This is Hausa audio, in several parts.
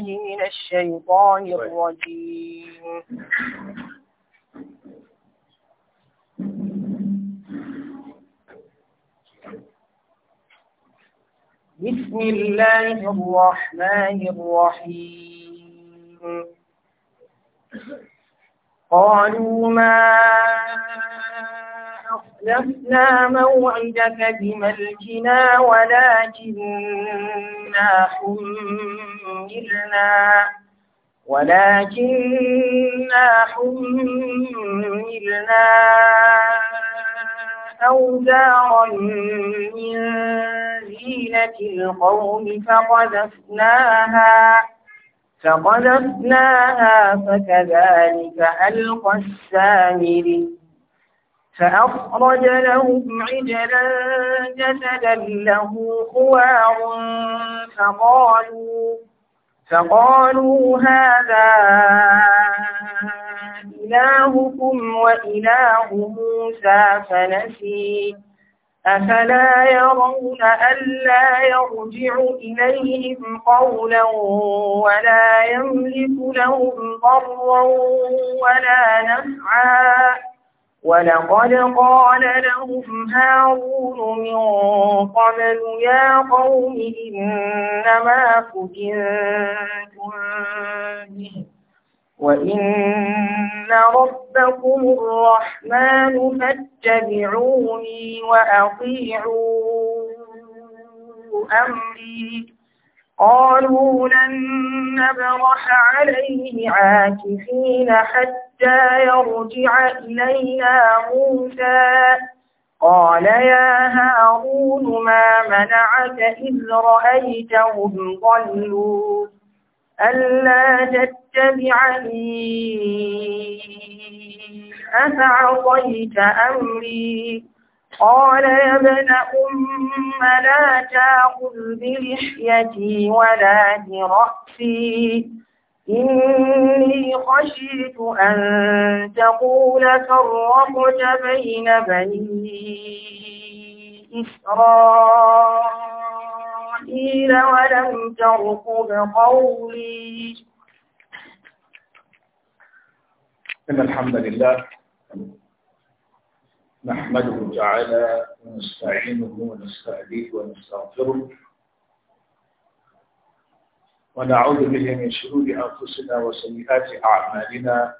بالله من الشيطان طيب. الرجيم بسم الله الرحمن الرحيم قالوا ما أخلفنا موعدك بملكنا ولكننا حملنا ولكننا حملنا أوزارا من زينة القوم فقذفناها فقذفناها فكذلك ألقى السامري فأخرج لهم عجلا جسدا له خوار فقالوا فقالوا هذا إلهكم وإله موسى فنسي أفلا يرون ألا يرجع إليهم قولا ولا يملك لهم ضرا ولا نفعا ولقد قال لهم هارون من قبل يا قوم إنما فتنتم به وإن ربكم الرحمن فاتبعوني وأطيعوا أمري قالوا لن نبرح عليه عاكفين حتى حتى يرجع إلينا موسى قال يا هارون ما منعك إذ رأيتهم ضلوا ألا تتبعني أفعصيت أمري قال يا ابن أم لا تأخذ بلحيتي ولا برأسي إني خشيت أن تقول فرقت بين بني إسرائيل ولم ترقب قولي إن الحمد لله نحمده تعالى ونستعينه ونستهديه ونستغفره ونعوذ به من شرور أنفسنا وسيئات أعمالنا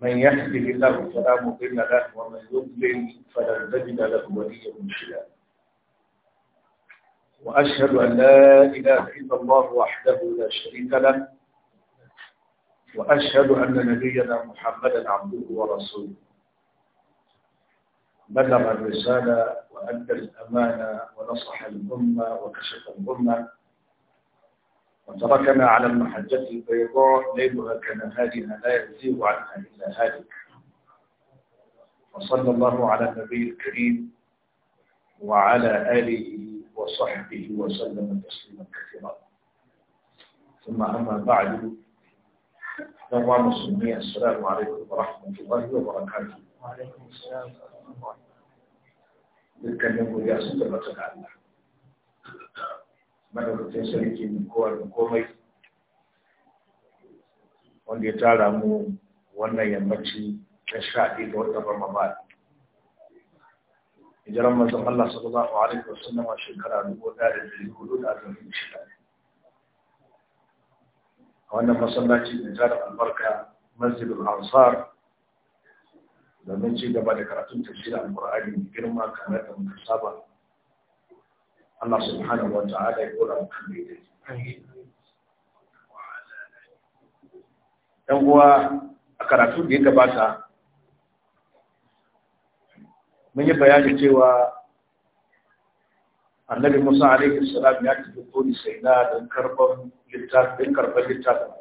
من يهده الله فلا مضل له ومن يضلل فلن تجد له وليا مرشدا وأشهد أن لا إله إلا الله وحده لا شريك له وأشهد أن نبينا محمدا عبده ورسوله بلغ الرسالة وأدى الأمانة ونصح الأمة وكشف الأمة وتركنا على المحجة البيضاء ليلها كنهارها لا يزيغ عنها إلا هالك وصلى الله على النبي الكريم وعلى آله وصحبه وسلم تسليما كثيرا ثم أما بعد إخوان المسلمين السلام عليكم ورحمة الله وبركاته. وعليكم السلام ورحمة الله. نتكلم يا mulia sejabat madaukacin sarki mai kowa da komai wanda ya tara mu wannan yammaci ta sha ɗaya ga ba ramadan hijiran mazan Allah sallallahu alaihi wasallam a shekara dubu ɗaya da dari hudu da arba'in shida a wannan masallaci mai tara albarka masjidul ansar domin ci gaba da karatun tafsirin al mai girma kamar da muka saba Allah subhanahu wa ta'ala ya kora mutum uwa a karatu da ya gabata mun yi bayani cewa annabi musa alaihi salam ya tafi koli sai na don karban littafin karban littafin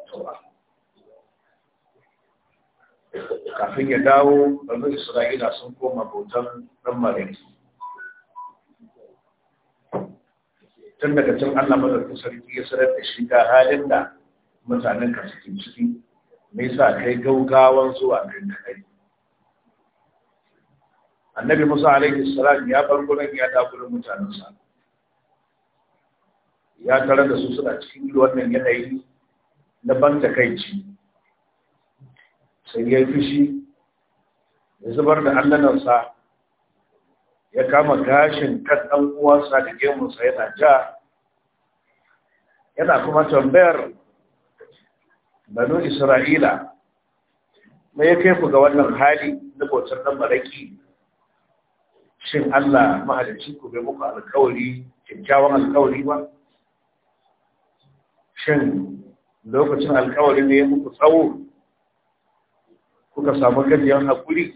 kafin ya dawo ɗan isra'ila sun koma bautan ɗan mareki tun daga can Allah madaukakin sarki ya sarar da shi ga halin da mutanen ka suke ciki me yasa kai gaugawan zuwa garin da kai annabi Musa alaihi salam ya bar nan ya da gurin mutanen sa ya tare da su suna cikin wannan yanayi na ban takaici sai ya fushi ya zubar da allanansa ya kama gashin kan ɗan uwansa da gemunsa yana ja yana kuma tambayar banu isra'ila me ya kai ku ga wannan hali na bautar ɗan maraki shin allah mahalicci ku bai muku alkawari kyakkyawan alkawari ba shin lokacin alkawari ne ya muku tsawo kuka samu gajiyar hakuri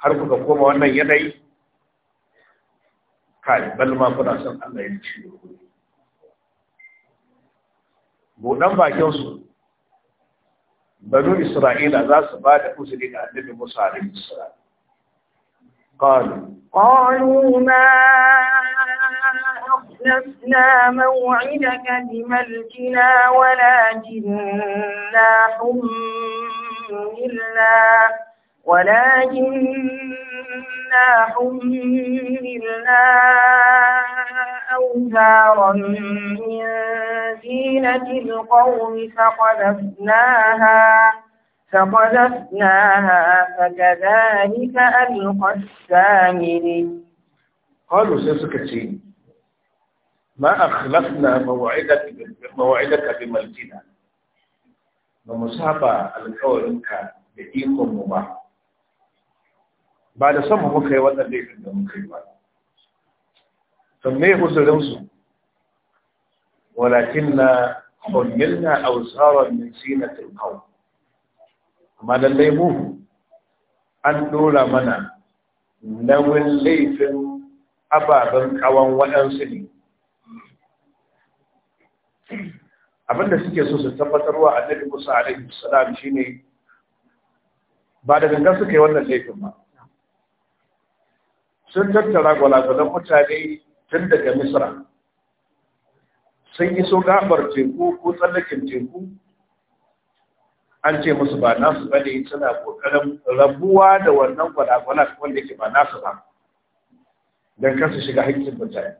har kuka koma wannan yanayi kai bal ma kuna son Allah ya ci buɗan bakin su banu isra'ila za su ba da uzuri ga annabi musa alaihi salam قالوا قالوا ما أخلفنا موعدك بملكنا ولكننا حملنا ولا حملنا أوزارا من زينة القوم فقذفناها فقذفناها فكذلك ألقى السامري قالوا سيسكتي ما أخلفنا موعدك موعدك بملكنا ومصابة الكون كان بإيكم مباح ba da son muka yi wannan laifin da muka yi ba walakin na uzurin na walakinna na mai min na qawm amma da mu an dora mana nauyin laifin ababen kawan waɗansu ne abinda suke so su tabbatarwa a nabi kusa alaihi salam shine ba da gangan suka yi wannan laifin ba sun tattara gwalagwalan mutane tun daga Misira. sun yi so gabar teku ko tsallakin teku an ce musu ba nasu ba ne suna kokarin rabuwa da wannan gwalagwala wanda ke ba nasu ba don kansu shiga haƙƙin mutane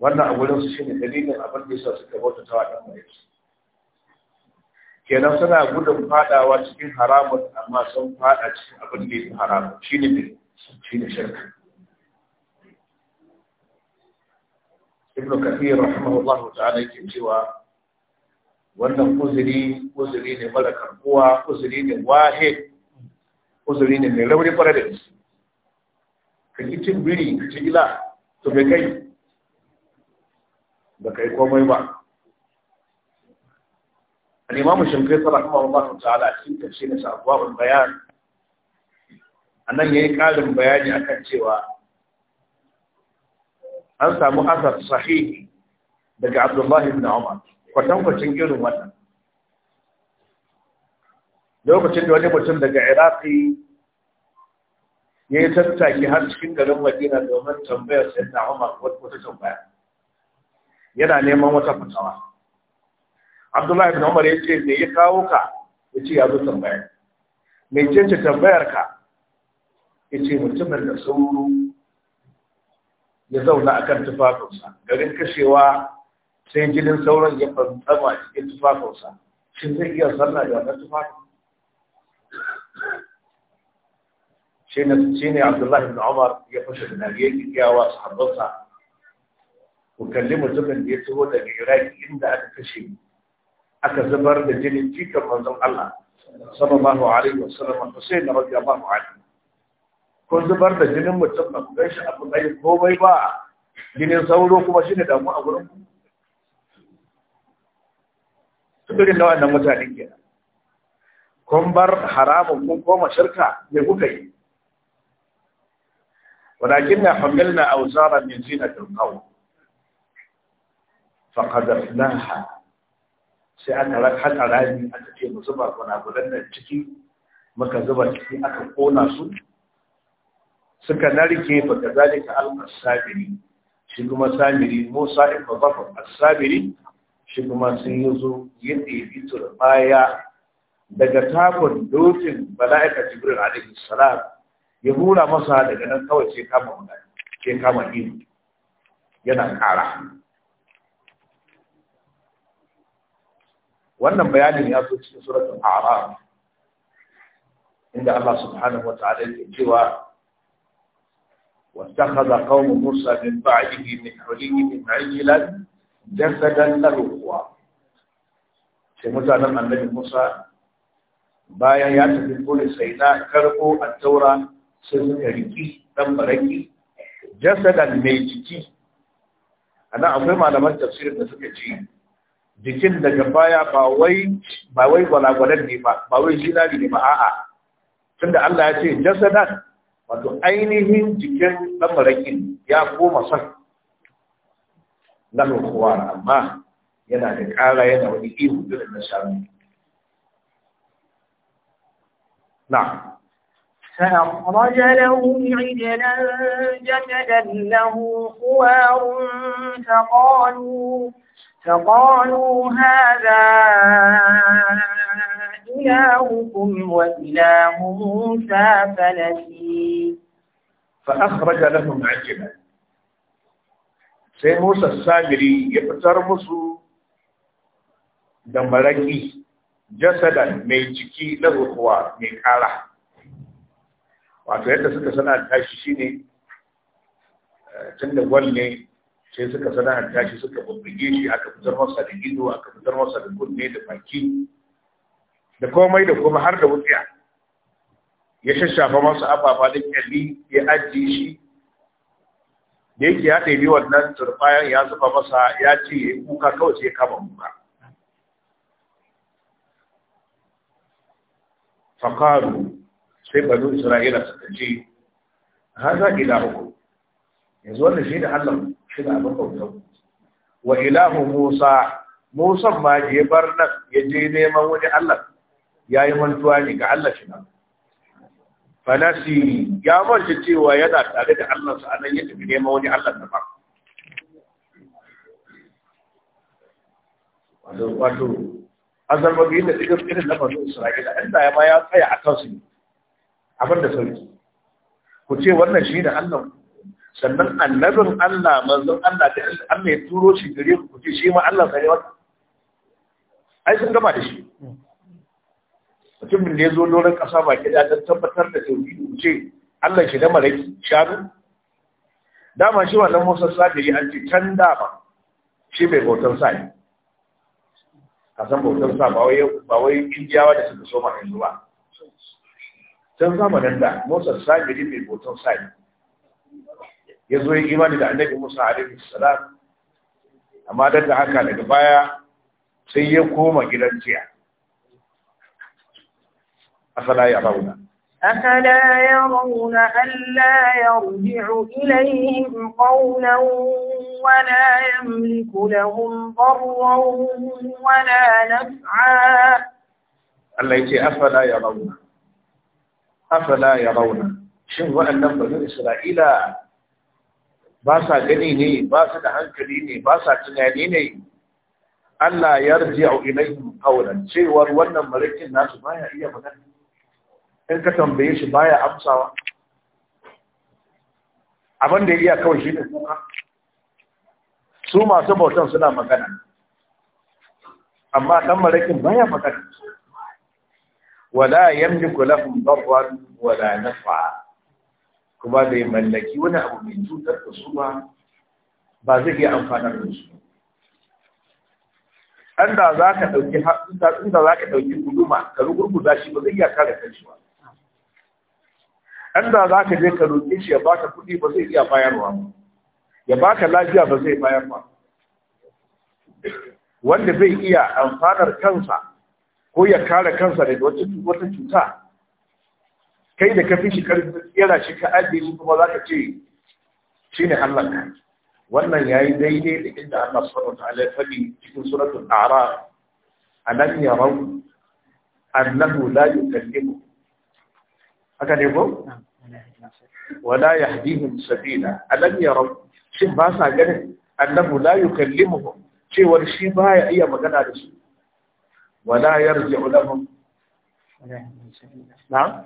wannan a su shi ne dalilin abin da yasa suka bauta ta waɗanda kenan suna gudun fadawa cikin haramun amma sun fada cikin abin da ya haramun shi ne ne shirka ibnu kathir rahimahullahu ta'ala yake cewa wannan uzuri uzuri ne mara karbuwa uzuri ne wahe uzuri ne mai rauni fara da su ka ci cin biri ka ci gila to bai kai ba kai komai ba الإمام الشنقيطي رحمه الله a cikin tafsirin sa abwabul bayan annan yayi karin bayani akan cewa an samu asar sahihi daga Abdullahi ibn Umar irin wannan lokacin da wani mutum daga Iraki ya yi tattaki har cikin garin Madina domin tambayar Sayyidina Umar wata tambaya yana neman wata fitawa abdullahi ibn umar ya ce me ya kawo ka ya ce ya zo tambaya me ce ce tambayar ka ya ce mutumin da sauro ya zauna akan tufafinsa garin kashewa sai jinin sauran ya fantsama a cikin tufafinsa shin zai iya sallah da wannan tufafin shi ne abdullahi ibn umar ya fashe da dariya su sahabbansa ku kalli mutumin da ya taho daga iraki inda aka kashe aka zubar da jinin jikan manzon Allah sallallahu alaihi wasallam Hussein radiyallahu anhu ko zubar da jinin mutum ba kai shi abu dai komai ba jinin sauro kuma shine damu a gurin ku? tudurin da wannan mutane ke. kun bar haramun kun koma shirka me kuka yi ولكننا حملنا أوزارا من زينة القوم فقدرناها sai aka haka rami aka ce mu zuba gunagunan nan ciki muka zuba ciki aka kona su suka narke fa kazalika al-sabiri shi kuma samiri Musa ibn Zafar al sabiri shi kuma sun yi zo yadda ya fito baya daga takon dokin mala'ika Jibril alaihi salam ya hura masa daga nan kawai sai kama wannan sai kama ihu yana kara wannan bayanin ya zo cikin suratul a'raf inda Allah subhanahu wa ta'ala yake cewa واتخذ قوم موسى من بعده من حليهم عجلا جسدا له خوار sai mutanen annabi Musa bayan ya tafi kore sai na karbo a taura sai suka riki dan baraki jasadan mai jiki ana akwai malaman tafsirin da suka ci. jikin daga baya ba wai ba wai gwalagwalar ne ba ba wai zinari ne ba a'a tunda Allah ya ce jasadan wato ainihin jikin ɗan ya koma san lahu kuwa amma yana da ƙara yana wani ihu irin na shanu na فأخرج لهم عجلا جسدا له خوار فقالوا فقالوا هذا إلهكم وإله موسى فنسي فأخرج لهم عجلا sai Musa Samiri ya fitar musu da maraki jasadan mai ciki na rukuwa mai kara wato yadda suka sana tashi shine tun da gwal ne sai suka sana'anta shi suka bubbuge shi aka fitar masa da ido aka fitar masa da kunne da baki da komai da kuma har da wutsiya ya shashafa masa ababa da kyalli ya ajiye shi da yake ya ɗebi wannan turbayan ya zuba masa ya ce ya yi kuka kawai sai ya kama kuka faƙaru sai banu isra'ila suka ce haza ila uku yanzu wannan shi da allah shi na wa ilahu musa musa ma da ya bar nan ya je neman wani allah ya yi mantuwa ne ga allah shi na fanasi ya manta cewa yana tare da allah anan yadda neman wani allah da ba wato azalmabi da cikin irin isra'ila inda ma ya tsaya a kansu abin da sauki ku ce wannan shi da allah sannan annabin Allah manzon Allah da Allah ya turo shi gare ku ji shi ma Allah sai wata ai sun gama da shi mutumin da ya zo loran ƙasa ba gida don tabbatar da tauhidi ce Allah shi da malaki shanu dama shi wannan Musa Sadiri an ce can dama shi mai bautar sa ne san bautar sa ba wai ba wai Indiyawa da suka so ma yanzu ba can zamanin da Musa Sadiri mai bautar sa ne ya zo ya imani da annabi musa alaihi salam amma da ta haka daga baya sai ya koma gidan jiya Asala ya rauna afala ya rauna alla yarji'u ilayhim qawlan wala yamliku lahum darran wala naf'a Allah ya ce afala ya rauna afala ya rauna shin waɗannan bazin Isra'ila ba sa gani ne ba su da hankali ne ba sa tunani ne Allah ya a ilaihim qawlan cewar wannan malakin nasu baya iya magana in ka tambaye shi baya amsawa abin da iya kawai shi ne kuka su masu bautan suna magana amma dan malakin baya magana wala yamliku lahum darran wala naf'a kuma ya mallaki wani abu mai cutar da su ba ba zai iya amfanar da su an da za ka ɗauki inda za ka ɗauki guduma ka rugurguza shi ba zai iya kare kanshi ba an da za ka je ka roƙe shi ya baka kuɗi ba zai iya bayarwa ba ya baka lafiya ba zai bayarwa. wanda zai iya amfanar kansa ko ya kare kansa daga wata cuta kai da kafin shi karfi tsira shi ka ajiye shi kuma za ka ce shi ne Allah ka wannan ya yi daidai da inda Allah subhanahu wa ta'ala ya faɗi cikin suratul a'raf alam yarau annahu la yukallimu haka ne ko wala yahdihim sabila ya yarau shi ba sa ganin annahu la yukallimuhum cewar shi baya iya magana da su wala rage lahum نعم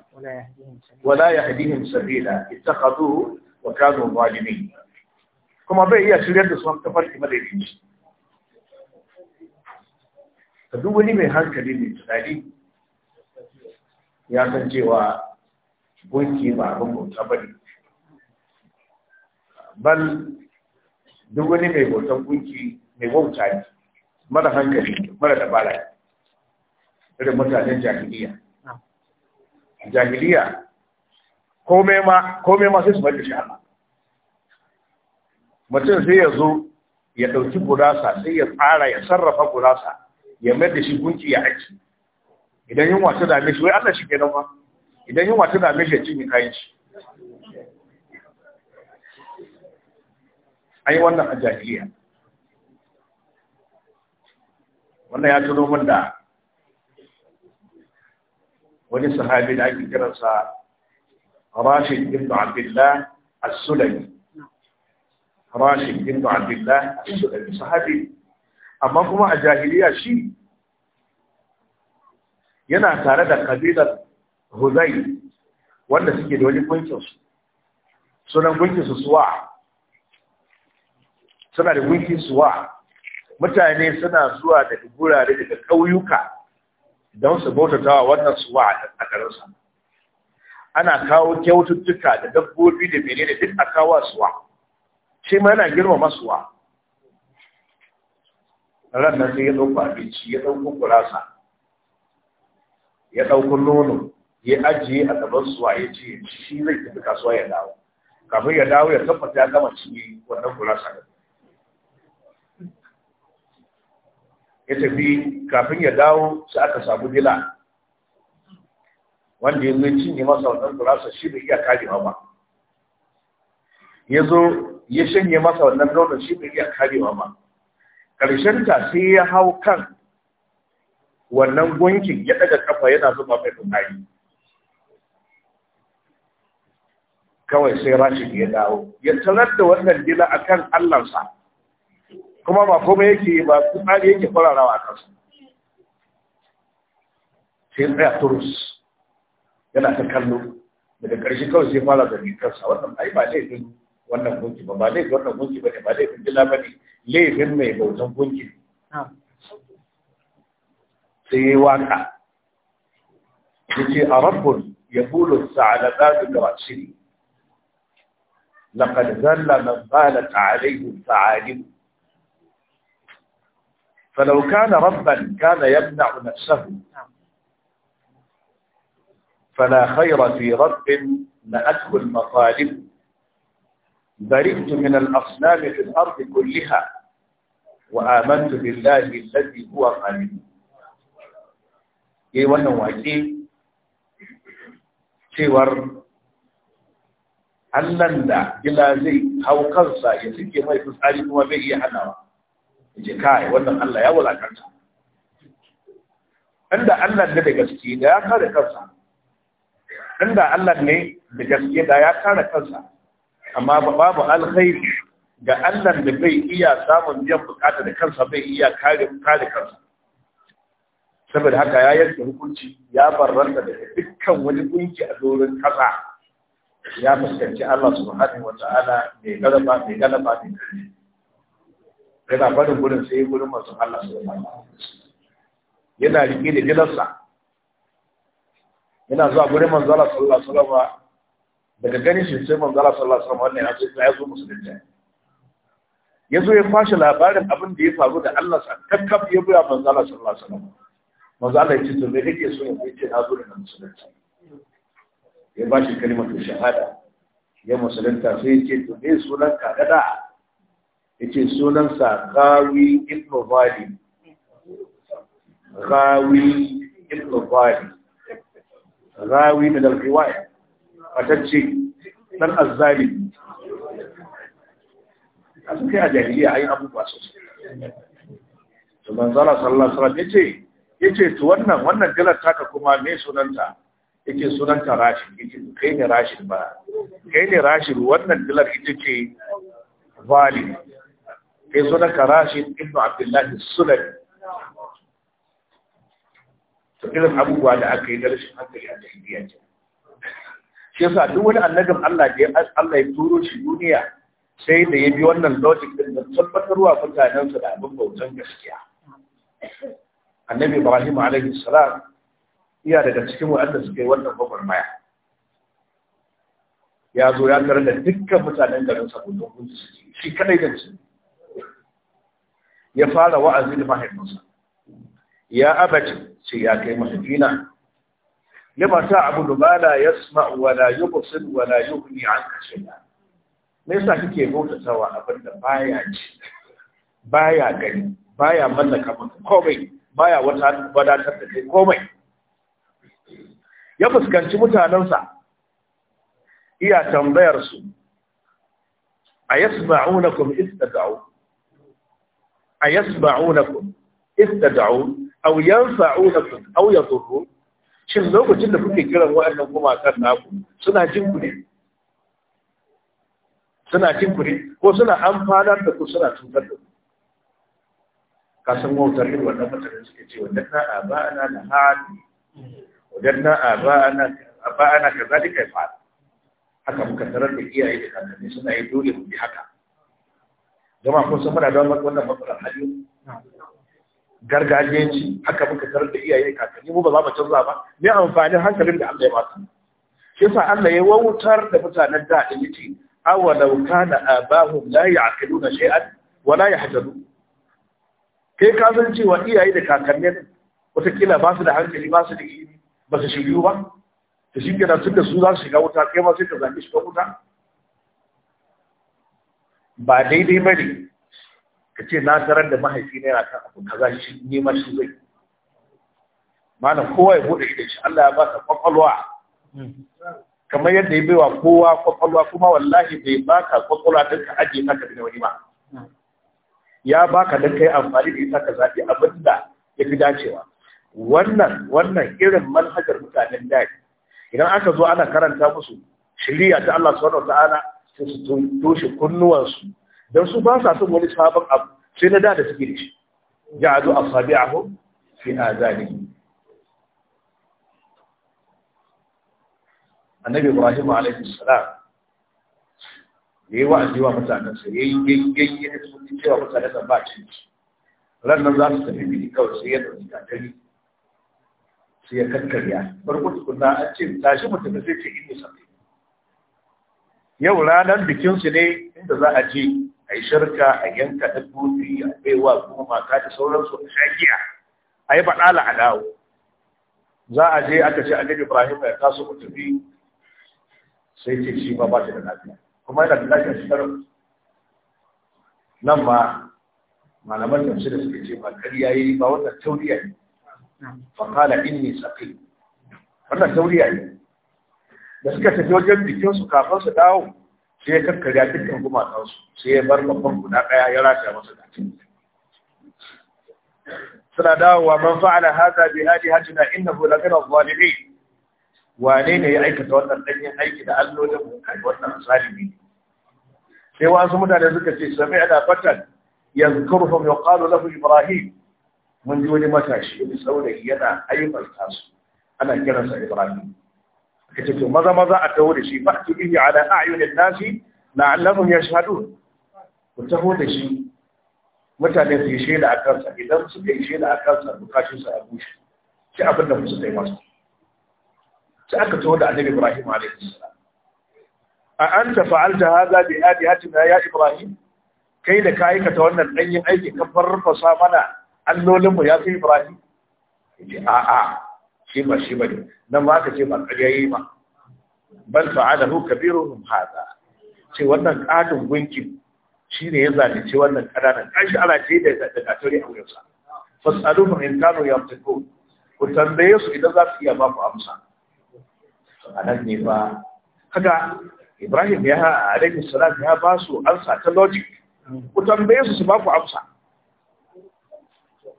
ولا يهديهم سبيلا اتخذوه وكانوا ظالمين kuma bai iya shirya da su ta farki madaidaici ka duk wani mai hankali mai tunani ya san cewa gunki ba abin bauta ba ne duk wani mai bautan gunki mai wauta ne mara hankali mara dabara irin mutanen jahiliya jahiliya komai ma ma sai su bari shi Allah mutum sai ya zo ya ɗauki gurasa sai ya tsara ya sarrafa gurasa ya mai da shi gunki ya aiki idan yin wasu dame shi wai Allah shi ke ma idan yin wasu dame shi ya cinye kayan shi yi wannan a jahiliya wannan ya tuno min da wani sahabi da ake kiransa Rashid ibn Abdullah As-Sulami Rashid ibn Abdullah As-Sulami sahabi amma kuma a jahiliya shi yana tare da kabilar Huzai wanda suke da wani gunkin su sunan gunkin su suwa suna da gunkin suwa mutane suna zuwa daga gurare daga ƙauyuka don su bautata wa wannan suwa a ƙararsa ana kawo kyaututtuka da dabbobi da menene duk a kawo suwa shi ma yana girmama masuwa. ranar sai ya ɗauko abinci ya ɗauko kurasa ya ɗauko nono ya ajiye a gaban suwa ya ce shi zai tafi kasuwa ya dawo kafin ya dawo ya tabbata ya gama cinye wannan kurasa ya tafi kafin ya dawo sai aka samu dila wanda ya zo cinye masa wannan gurasa shi bai iya kare ba ya zo ya shanye masa wannan raunin shi bai iya kare ba ƙarshen ta sai ya hau kan wannan gunkin ya daga kafa yana zuba mai tunani kawai sai rashin ya dawo ya tarar da wannan dila akan allansa kuma ba komai yake ba tsari yake kwararawa a kansu sai tsaya turus yana ta kallo daga ƙarshe kawai sai fara zargin kansa wannan ai ba fi wannan gunki ba ba laifin wannan gunki ba ne ba laifin jila ba ne laifin mai bautan gunki sai ya yi waka ya ce a rabbul ya bulu sa'adatu da wasiri لقد ظل من قالت عليه تعالي فلو كان ربا كان يمنع نفسه فلا خير في رب نأته المطالب برئت من الأصنام في الأرض كلها وآمنت بالله الذي هو الغني إيه wannan wake cewar Allah da gila zai hau kansa ya suke mai fitsari kuma bai iya hanawa ce kai wannan Allah ya wulakanta inda Allah ne da gaske da ya kare kansa inda Allah ne da gaske da ya kare kansa amma babu alkhairi ga Allah da bai iya samun biyan bukata da kansa bai iya kare kare kansa saboda haka ya yanke hukunci ya barranta da dukkan wani gunki a doron kasa ya fuskanci Allah subhanahu wa ta'ala mai galaba mai galaba mai yana barin gurin sai gurin masu Allah sallallahu alaihi wasallam yana rike da gidansa yana zuwa gurin manzo Allah sallallahu alaihi wasallam daga ganin shi sai Manzala sallallahu alaihi wasallam wannan ya ce ya zo musulunta ya zo ya fashi labarin abin da ya faru da Allah sa kakkaf ya buya Manzala sallallahu alaihi wasallam manzo Allah ya ce to me kake so ya ce na zo da musulunta ya ba bashi kalmar shahada ya musulunta sai ya ce to me sunan ka gada yace sunansa gawi ibnu bali gawi ibnu bali gawi min al-riwaya fatacce dan azzali a a jahiliya ayi abubuwa sosai to manzala sallallahu alaihi wasallam yace yace to wannan wannan dalar taka kuma me sunanta yake sunanta rashid yake kai ne rashin ba kai ne rashin wannan dalar ita ce vali kai sunanka Rashid ibn Abdullahi Sulami to irin abubuwa da aka yi da rashin hankali a jahiliya ce duk wani annabin Allah da Allah ya turo shi duniya sai da ya bi wannan logic din da tabbatarwa mutanen su da abin bautan gaskiya annabi Ibrahim alaihi salam iya daga cikin waɗanda suka yi wannan gwagwarmaya ya zo ya tarar da dukkan mutanen garin sa gudun gunsu shi kadai da su ya fara wa'azi da mahaifinsa ya abaci ce ya kai mahaifina lima ta abu da ba ya yasma wa yi kusur wa la a kashe ba. me yasa kike bautatawa abin da baya ci baya gani baya mallaka maka komai baya wata wadatar da kai komai ya fuskanci mutanensa iya tambayar su a yasma'unakum istada'u a yasma'unakum istad'un aw yanfa'unakum aw yadurrun shin lokacin da kuke kiran waɗannan gumakan naku suna jin ku ne suna jin ku ne ko suna amfanar da ku suna tunkar da ku ka san wautar yin wannan mutane suke ce wanda na aba'ana na hali wajen na aba'ana aba'ana ka zalika kai fa haka muka tarar da iyaye da kakanni suna yi dole mu bi haka jama'a kun sun muna don wannan matsalar hali gargajiyanci haka muka tarar da iyaye kakanni mu ba za mu canza ba me amfanin hankalin da Allah ya ba su shi yasa Allah ya wautar da mutanen da da awa awalau kana abahum la ya'qiluna shay'an wa la yahtadun kai ka san cewa iyaye da kakanni wataƙila ba su da hankali ba su da ilimi ba su shiryu ba to shi kenan tunda da su za su shiga wuta kai ma sai ka zaki shiga wuta ba daidai ba ne ka ce na tarar da mahaifi na yana kan abu za shi nema shi zai mana kowa ya bude idan shi Allah ya ba ka kwakwalwa kamar yadda ya bai wa kowa kwakwalwa kuma wallahi bai ba ka kwakwalwa don ka ajiye ka da wani ba ya ba ka don yi amfani da ita ka zaɓi abin da ya fi dacewa wannan wannan irin manhajar mutanen daji idan aka zo ana karanta musu shiriya ta Allah subhanahu wa ta'ala sai su toshe kunnuwansu don su ba sa son wani sabon abu sai na da da suke da shi ya azu a sabi a hu fi a zane annabi ibrahim alaihi salam yayi wa'azi wa mutanen sa ya yayi yayi yayi sun cewa mutanen sa ba ci ran nan za su tafi bi kawai sai ya dauki kakari sai ya karkarya farko tukunna an ce tashi mutum sai ce inni sabi yau ranar bikinsu ne inda za a je a yi shirka a yanka dabbobi a baiwa kuma mata da sauransu a shakiya a yi baɗala a za a je aka ce annabi ibrahim ya taso tafi. sai ce shi ba ba da lafiya kuma yana da lafiya shi karin nan ma malaman su da suke ce ba ƙarya yi ba wannan tauriya ne fa kala inni saqi wannan tauriya ne da suka tafi wajen bikin su kafin su dawo sai ya karkarya dukkan gumakansu sai ya bar babban guda ɗaya ya rata masa da suna dawowa man fa'ala hadha bi alihatina innahu la kana zalimi wane ne ya aikata wannan danyen aiki da allolin mu kai wannan zalimi sai wasu mutane suka ce sami'na fatan yadhkuruhum yuqalu lahu ibrahim mun ji wani matashi wani saurayi yana aibanta su ana kiransa ibrahim kace to maza maza a taho da shi fa ki bihi ala a'yunin nasi la'allahum yashhadun ku taho da shi mutane su yi shaida a kansa idan suka yi shaida a kansa bukatun sa a bushe shi abin da musu kai masu sai aka taho da annabi ibrahim alaihi salam a anta fa'alta hadha bi adihatina ya ibrahim kai da ka aikata wannan danyin aiki ka farfasa mana allolin mu ya fi ibrahim yace a a shi ba shi bane nan ba ka ce ba ƙarya yi ba bal fa'alahu kabiruhum hadha ce wannan kadin gunkin shine ya ce wannan ƙananan kashi ana ce da zakatori a wurinsa fasaluhu in kanu yamtiqun ku tambaye su idan za su iya ba ku amsa anan ne ba kaga Ibrahim ya alaihi salam ya ba su amsa ta logic ku tambaye su su ba ku amsa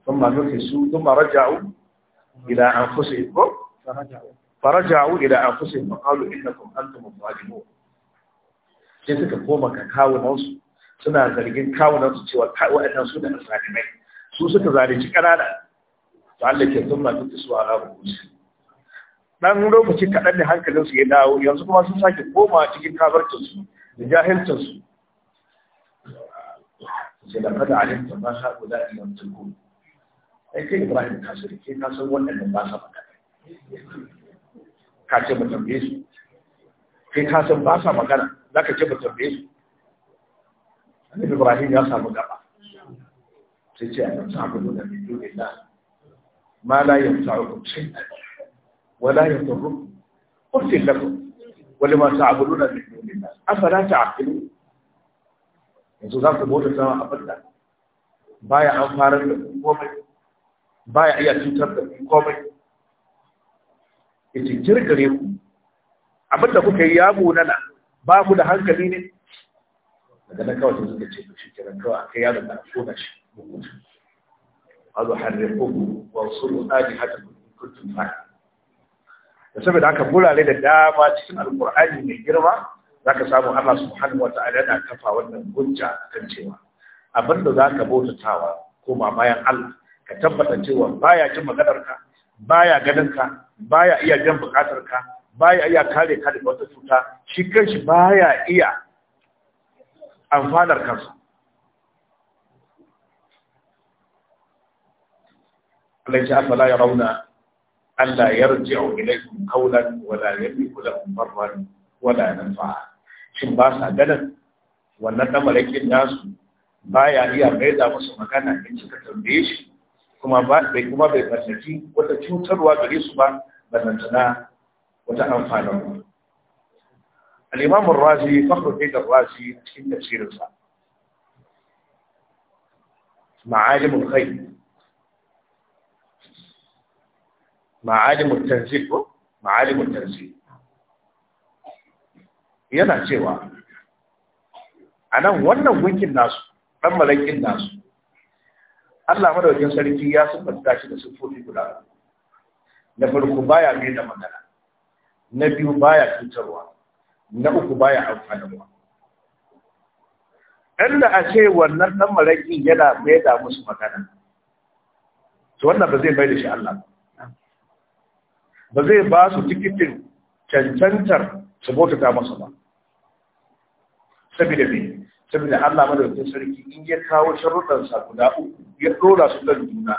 ثم نفسوا ثم رجعوا ila anfusihim ko faraja'u ila anfusihim qalu innakum antum adh-dhalimun sai suka koma ka ga su suna zargin su cewa waɗannan su da zalimai su suka zalunci ƙanana to Allah ke zumma duk su rabu rubuci dan lokaci kaɗan ne su ya dawo yanzu kuma sun sake koma cikin su da su sai da kada alimta ma ha'ula ilan tukun ai kai Ibrahim ta sani kai ka san waɗannan ba sa magana ka ce mu tambaye su kai ka san ba sa magana za ka ce mu tambaye su annabi Ibrahim ya samu gaba sai ce a nan sa ku da dole la ma la yanfa'ukum shay'an wa la yadurrukum qul lakum biyu lima ta'buduna min dunillah ta ta'qilun yanzu za ku bauta sama abin da baya an farar da komai ba ya iya cutar da ku komai yace kirkire ku abin kuka yi ya munana ba ku da hankali ne daga nan kawai suka ce ku shi kiran kawai aka yaron da ko da shi azu harriquhu wa sulu alihatakum in kuntum fara da saboda haka gurare da dama cikin alkur'ani mai girma Za ka samu ana Allah wata a yana kafa wannan gunja kan cewa abinda za ka bautatawa koma bayan Allah ka tabbata cewa baya jin maganarka baya ganinka baya iya jan bukatarka baya iya kare ka daga wata cuta shi kanshi baya iya amfanar kansa Allah ya afala ya rauna Allah ya rji'u ilaykum qawlan wala yamliku lakum darran wala nafa'a shin ba sa ganin wannan damarakin nasu baya iya maida musu magana in kika tambaye shi kuma bai kuma bai mallaki wata cutarwa gare su ba ballantana wata amfanin al-imam ar-razi fakhruddin ar-razi cikin tafsirinsa معالم الخير tanzil التنزيل معالم tanzil yana cewa a nan wannan gunkin nasu ɗan malakin nasu Allah madaukin sarki ya sufanta shi da sufofi guda na farko baya mai da magana na biyu baya cutarwa na uku baya amfanarwa inda a ce wannan dan maraki yana mai da musu magana to wannan ba zai bai da shi Allah ba zai ba su tikitin cancantar su bauta ta masa ba Sabida me saboda Allah madaukakin sarki in ya kawo sharuɗan sa guda uku ya dora su kan juna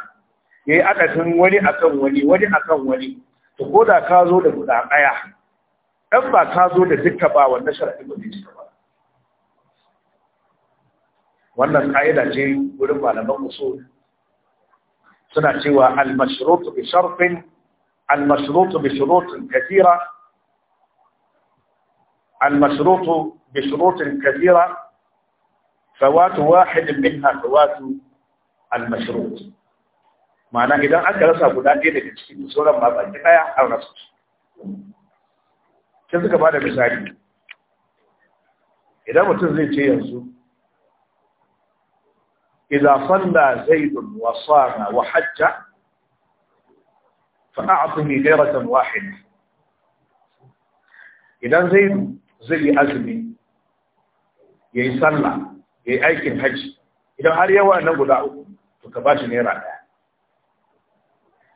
ya yi adadin wani akan wani wani akan wani to ko da ka zo da guda ɗaya ɗan ba ka zo da duka ba wannan sharaɗi ba zai ba wannan ka'ida ce wurin malaman usul suna cewa al-mashrutu bi sharfin al-mashrutu bi shurutin kathira al-mashrutu bi shurutin kathira sawatu wahidin minha sawatu al-mashrut ma'ana idan aka rasa guda ɗaya daga cikin sauran ma baki ɗaya an rasa sai suka bada misali idan mutum zai ce yanzu idan salla zaidun wa sama wa hajja fa a'tini gairatan wahida idan zai yi azumi yayi sallah ya yi aikin hajji idan har yawa nan guda uku to ka ba shi naira ɗaya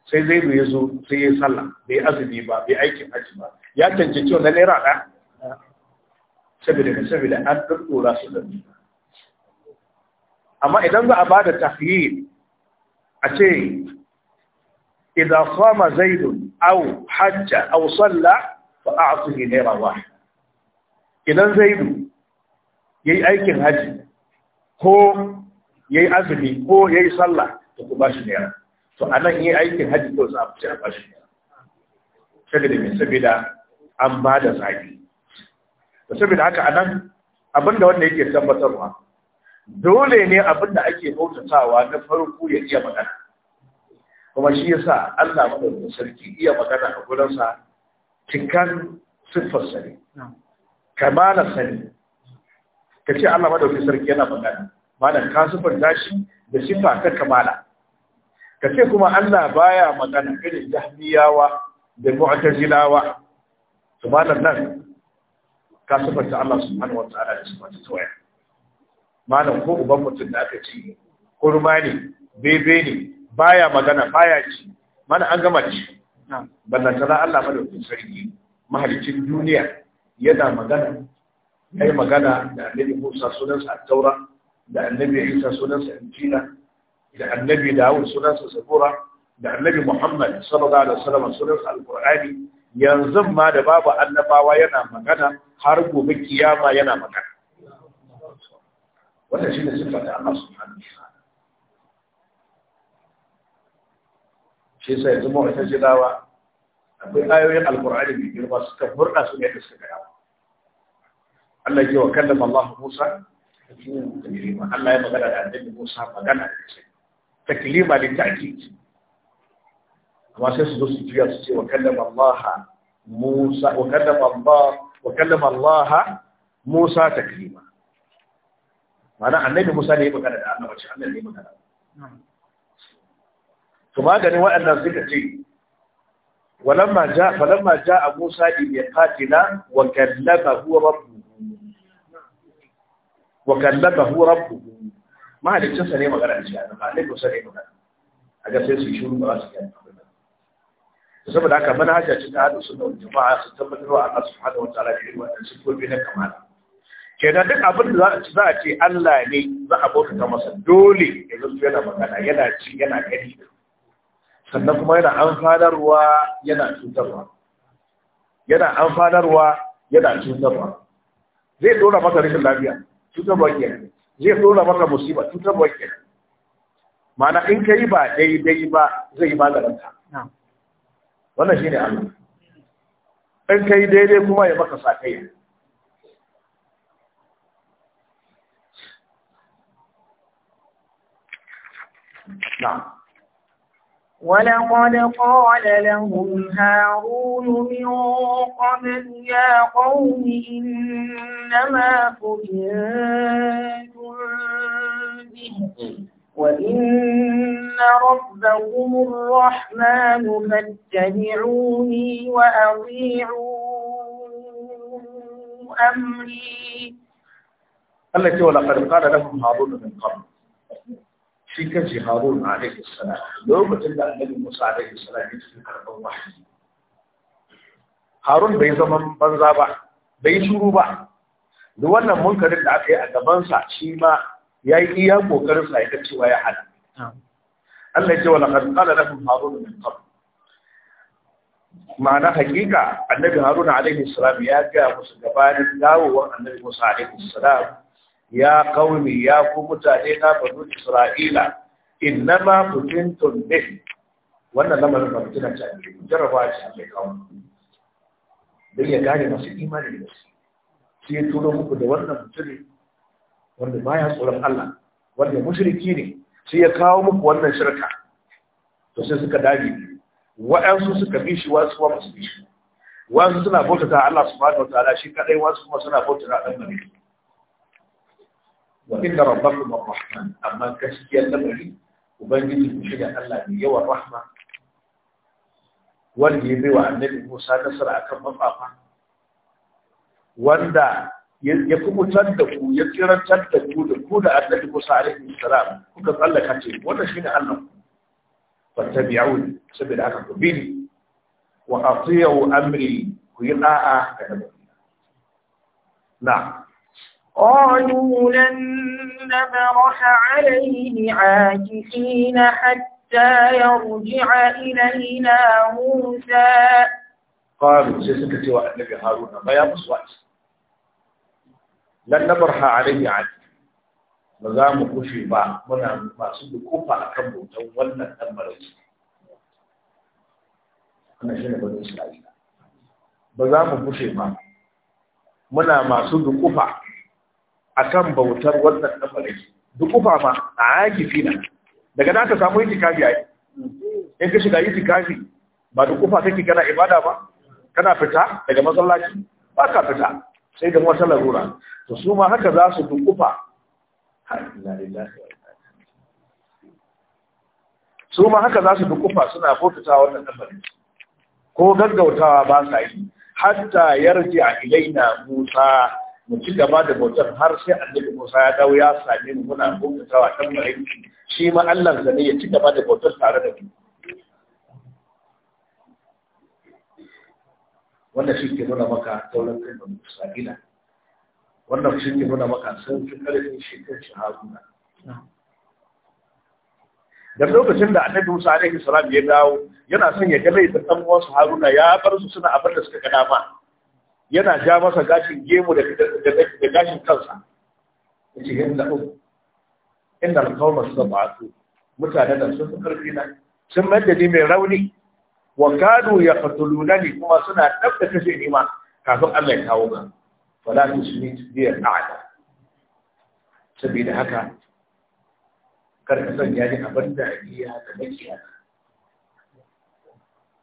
sai zai ya zo sai ya yi sallah bai azumi ba bai aikin hajji ba ya cancanci na naira ɗaya saboda ka saboda an ɗaɗɗora su da amma idan za a ba da tafiye a ce idan kwama Zaidu au hajja au sallah ba a asuhi naira ba. idan zaidu ya yi aikin hajji ko ya yi azumi ko ya yi sallah ta ku ba shi naira to a nan yi aikin hajji ko za a ba shi naira saboda mai saboda an ba da zaɓi da saboda haka a nan abinda wanda yake tabbatarwa dole ne abinda ake bautatawa na farko ya iya magana kuma shi ya sa Allah madaukakin sarki iya magana a gurinsa cikin siffar sani kamalar sani ka ce Allah madauki sarki yana magana malam ka sufanta shi da sifa ta kamala ka ce kuma Allah baya magana irin jahmiyawa da mu'tazilawa to malam nan ka ta Allah subhanahu wa ta'ala da sifa ta tawaya malam ko uban mutum da aka ci kurma ne bebe ne baya magana baya ci mana an gama ci ballantana Allah madauki sarki mahalicin duniya yana magana ya yi magana da annabi musa sunansa a taura da annabi isa sunansa jina da annabi dawud sunansa zabura da annabi muhammad sallallahu alaihi wasallam sunansa alqur'ani yanzu ma da babu annabawa yana magana har gobe kiyama yana magana wannan ne sifar da Allah subhanahu wa ta'ala shi sai yanzu mu'tazilawa akwai ayoyin alqur'ani mai girma suka burda su ne suka gaya Allah ya wa kallama Allah Musa taklima Allah ya magana da annabi Musa magana taklima da ta'kid amma sai su zo su juya su ce wa kallama Allah Musa wa kallama Allah wa kallama Allah Musa taklima ma'ana annabi Musa ne ya magana da Allah wacce Allah ne ya magana to maganin waɗannan suka ce ولما جاء فلما جاء موسى لميقاتنا وكلمه ربه wa ma da cin sa ne magana shi a ba ne ko sai magana a ga sai su shiru ba su ba saboda haka mana ce cin hadu sunna da jama'a su tabbatar wa Allah subhanahu wa ta'ala da irin ko bi na kamala kenan duk abin da za a ce Allah ne za a bauta masa dole ya zo yana magana yana ci yana gani sannan kuma yana amfanarwa yana cutarwa yana amfanarwa yana cutarwa zai dora masa rashin lafiya cutarwa kenan zai tsora maka musiba cutarwa kenan mana in ka yi ba daidai ba zai yi maganinka wannan shi ne Allah in ka yi daidai kuma ya maka sakayya na'am ولقد قال لهم هارون من قبل يا قوم إنما فتنتم به وإن ربكم الرحمن فاتبعوني وأطيعوا أمري التي ولقد قال لهم هارون من قبل shi kan shi na alaihi salam lokacin da annabi musa alaihi salam ya cikin karɓar wahayi harun bai zama banza ba bai shuru ba da wannan munkarin da aka yi a gabansa shi ma ya yi iya kokarin sa ya cewa ya hada Allah ya ce wala qad qala lakum harun min qabl ma'ana hakika annabi harun alaihi salam ya ga musu gabanin dawowar annabi musa alaihi salam ya qaumi ya ku mutane na banu isra'ila innama futintum bi wannan lamarin ba fitina ce jarabawa ce ke kawo dan ya gane masu imani da su sai ya turo muku da wannan mutumin wanda baya tsoron Allah wanda mushriki ne sai ya kawo muku wannan shirka to sai suka dage wa'ansu suka bi shi wasu kuma su bi shi wasu suna bautata Allah subhanahu wataala shi kadai wasu kuma suna bautata Allah ne wa inda rabbakum ar-rahman amma gaskiyar lamari ubangiji ku shiga Allah ne yawan rahma wanda ya baiwa annabi Musa nasara akan mafafa wanda ya kubutar da ku ya tsirantar da ku da ku da annabi Musa alaihi salam kuka tsallaka ce wannan shine Allah fattabi'uni saboda haka ku bi ni wa atiyu amri ku yi da'a ga nabi na قالوا لن نبرح عليه عاكفين حتى يرجع إلينا موسى قالوا سيسكت النبي هارون ما يمس لن نبرح عليه عاكفين ba za mu kushe ba muna masu dukufa a kan bautan wannan ɗan shi ne ba za mu kushe ba muna masu dukufa akan bautar wannan lamarin duk ufa ma a fina. daga nan ka samu itikafi ai in ka shiga itikafi ba duk ufa kake kana ibada ba kana fita daga masallaci ba ka fita sai da wata larura to su ma haka za su dukufa su ma haka za su dukufa suna fofita wannan lamarin ko gaggautawa ba sa yi hatta yarji a ilaina musa mu ci gaba da bautar har sai annabi Musa ya dawo ya same mu muna bautawa kan mai shi ma Allah ne ya ci gaba da bautar tare da mu wannan shi ke nuna maka taurin kai da Musa wannan shi ke nuna maka sun fi karfin shi kan shi Haruna da lokacin da annabi Musa alaihi salam ya dawo yana son ya ga laifin dan uwansa Haruna ya bar su suna abin da suka ga dama yana ja masa gashin gemu da gashin kansa yace inda ku su alqawma su mutane da sun karfi na sun mayar ni mai rauni wa kadu ne kuma suna dabda kashe ni ma kafin Allah ya kawo su wala tusmit bi al'ada saboda haka karkasan ya ji abin da ya ga makiya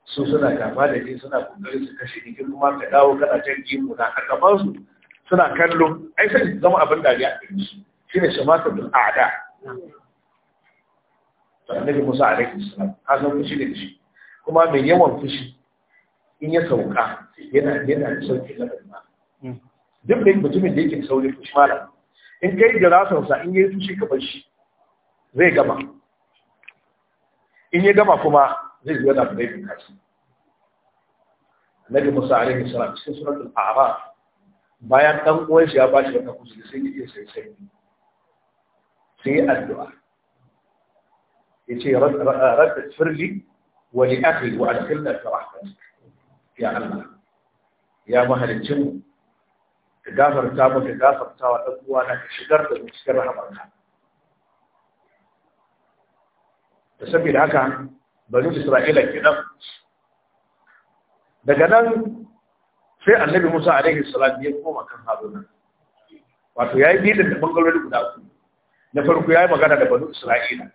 su suna kama da ni suna kokari su kashe ni kuma ka dawo kana can gemu na ka gaban su suna kallo ai sai zama abin da ya cikin su shine shamata bil a'da to annabi Musa alaihi salam ka san fushi ne shi kuma mai yawan fushi in ya sauka yana yana da sauki na kalma hmm. duk da mutumin da yake saurin fushi malam in kai garasan sa in yayi fushi ka bar shi zai gama in ya gama kuma zai zo yana bai da kashi annabi Musa alaihi salam cikin suratul a'raf bayan dan uwan shi ya ba shi wata kusuri sai yake sai sai sai yi addu'a yace rabbi firli wa li akhi wa adkhilna fi rahmatik ya Allah ya mahalicin ka gafarta mu ka gafarta wa dan uwa na ka shigar da cikin rahmarka da saboda haka bari isra'ila ke nan? daga nan sai annabi musa alaihi salam ya koma kan haruna wato yayi dinda da bangalori guda uku na farko yayi magana da bani isra'ila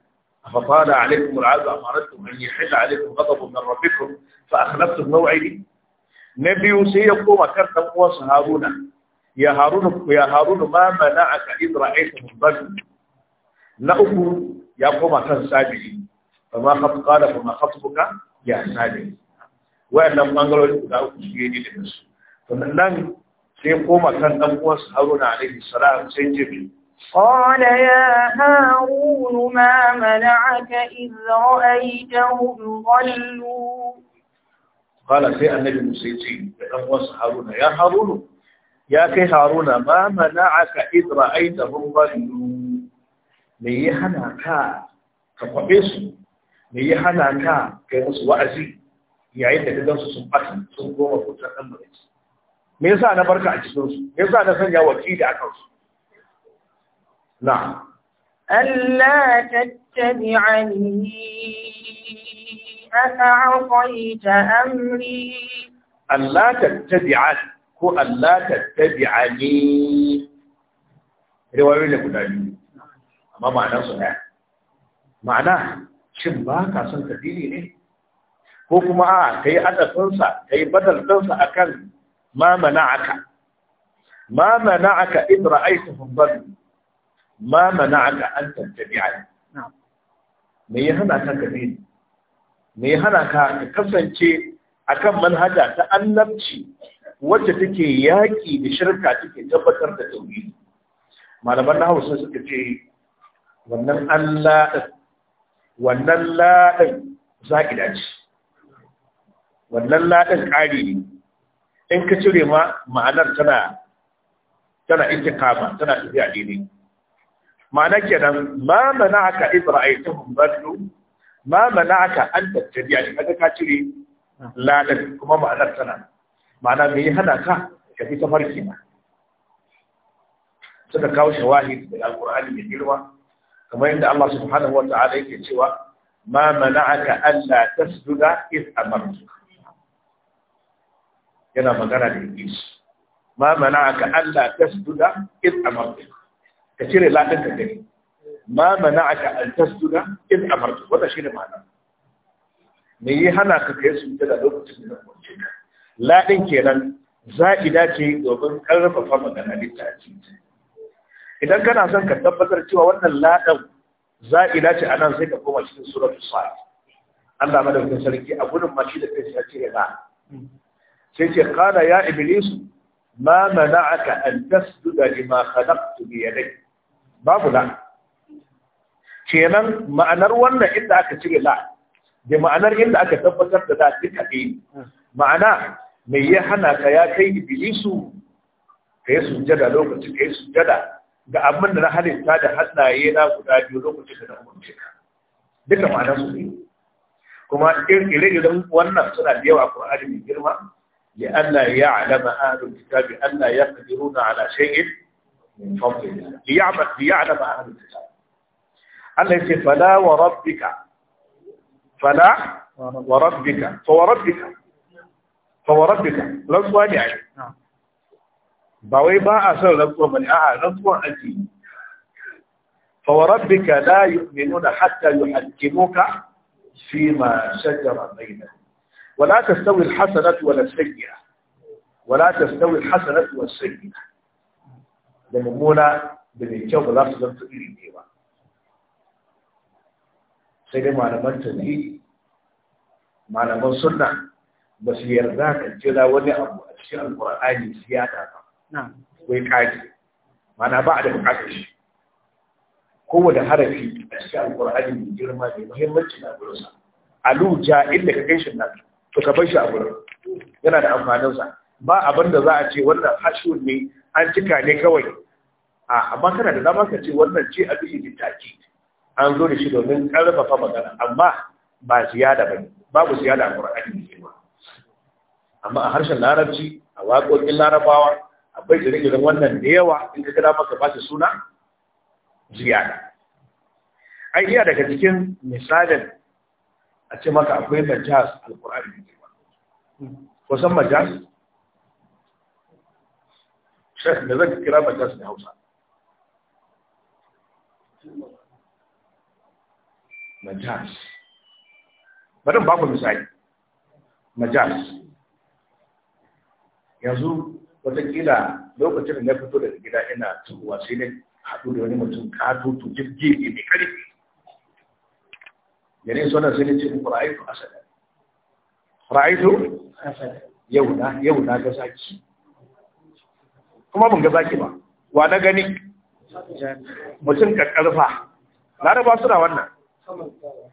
fa fada alaikum al'azu amartu an yahid alaikum ghadabun min rabbikum fa akhlaftum maw'idi nabi yusi ya koma kan dan uwansa haruna ya haruna ya haruna ma mana'aka idra'aytum bad na uku ya koma kan sabili fa ma khaf qala fa ma ya sabi wayannan bangarori guda uku shi ne da su to nan sai koma kan dan uwansa Haruna alaihi salam sai ce قال يا هارون ما منعك إذ رأيتهم ضلوا قال في النبي موسى Haruna. Ya هارون يا كي هارون ما منعك إذ رأيتهم ضلوا me ya hana ka ka kwaɓe su me ya hana ka kai musu wa'azi yayin da ka su sun bata, sun goma fitar ɗan mulki me yasa na barka a cikin su me yasa na sanya wakili a kan su? na Allah tattabi'ani afa'aita amri Allah tattabi'ani ko Allah tattabi'ani riwayoyi ne guda biyu amma ma'anar su ɗaya ma'ana shin ba ka son tadili ne ko kuma a ka yi adafinsa ka yi badaltinsa a kan ma mana'aka ma mana'aka in ra'aituhum bal ma mana'aka an tattabi'a me ya hana ka tadili me ya hana ka ka kasance akan manhaja ta annabci wacce take yaƙi da shirka take tabbatar da tauhidi malaman nahawu sun suka ce wannan Allah wannan laɗin za ki dace, wannan laɗin ƙari ne in ka cire ma ma'anar tana tana ita kama tana tafiya Ma'anar ma'ana kenan ma mana aka yi ibra'aytuhum raddu ma mana aka an tattabi a kaga ka cire laɗin. kuma ma'anar tana ma'ana me hana ka ka fi tafarki ma. suka kawo shawahi da alqur'ani mai girma kamar yadda Allah subhanahu wata'ala yake cewa ma mana'aka alla tasjuda id amartu yana magana da Iblis ma mana'aka alla tasjuda is amartu ka cire ladan ka gani ma mana'aka an tasjuda is amartu wannan shine ma'ana me yi hana ka kai su da lokacin da kake ladan kenan za'ida ce domin karfafa magana littafi idan kana son ka tabbatar cewa wannan ladan za'ila ce anan sai ka koma cikin suratul sa'ad Allah madaukakin sarki a gurin mashi da kai sai ya ba sai ce qala ya iblis ma mana'aka an tasjuda lima khalaqtu bi yadayya babu la kenan ma'anar wannan inda aka cire la da ma'anar inda aka tabbatar da da duka ɗaya ma'ana mai ya hana ka ya kai ibilisu ka yi sujjada lokacin ka yi sujjada ga abin da na halitta da hannaye na guda biyu lokacin da na umarce ka duka ma'ana su ne kuma ire-iren wannan suna da yawa Qur'ani mai girma li Allah ya alama ahlul kitabi Allah ya qadiruna ala shay'in min fadlillah li ya'lam li ya'lam ahlul kitabi Allah yace fala wa rabbika fala wa rabbika fa wa rabbika fa wa rabbika lan suwani ai باوي با اصل رب من اه رب اجي فوربك لا يؤمنون حتى يحكموك فيما شجر بينهم ولا تستوي الحسنة ولا السيئة ولا تستوي الحسنة والسيئة لممونا بنيتشوف الأخذ لم تقلي ديوا سيدي معنى من تنهي معنى من سنة بس يرداك الجلا ولي أبو أشياء القرآن سيادة wai kaji mana ba a da bukatar shi kowane harafi a cikin alkur'ani mai girma mai muhimmanci na gurinsa aluja inda ka kai shi na to ka bar shi a gurin yana da amfaninsa ba abin da za a ce wannan hashun ne an cika ne kawai a amma kana da dama ka ce wannan ce a biyu littaki an zo da shi domin karfafa magana amma ba ziyada ba babu ziyada a ƙur'ani ne amma a harshen larabci a waƙoƙin larabawa akwai jirgin wannan da yawa in ka kira maka ba suna ziyada ai iya daga cikin misalin a ce maka akwai majas alkur'ani ko san majas shek da zan kira majas da hausa majas bari ba ku misali majas yanzu wataƙila lokacin da na fito daga gida ina turuwa sai na haɗu da wani mutum to jirgi mai ƙarfi yanayin sonar sai na ce muku ra'aitu asada ra'aitu yau na yau na ga zaki kuma ban ga zaki ba wa na gani mutum ƙarƙarfa laraba suna wannan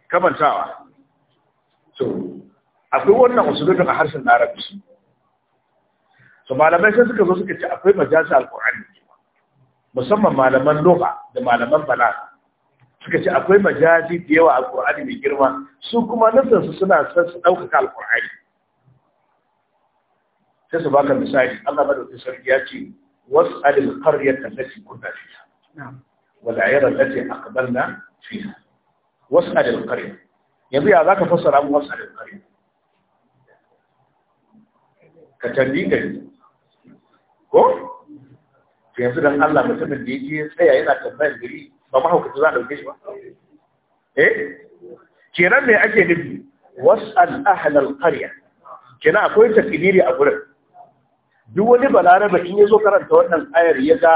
kamantawa to akwai wannan usulun a harshen larabci to malamai sai suka zo suka ce akwai majalisa alqur'ani musamman malaman lugha da malaman balaga suka ce akwai majalisi da yawa alqur'ani mai girma su kuma nasansu suna son su ɗaukaka alqur'ani sai su baka misali Allah wata sarki ya ce was'al alqaryata allati kunna fiha wal ayyara allati aqbalna fiha was'al alqarya yanzu ya zaka fassara mu was'al alqarya ka tambi gari ko to yanzu dan Allah mutumin da yake tsaya yana tambayar gari ba hukunta za a dauke shi ba eh kiran me ake nufi was'al ahl al-qarya Kina akwai takdiri a gurin duk wani balaraba in yazo karanta wannan ayar ya ga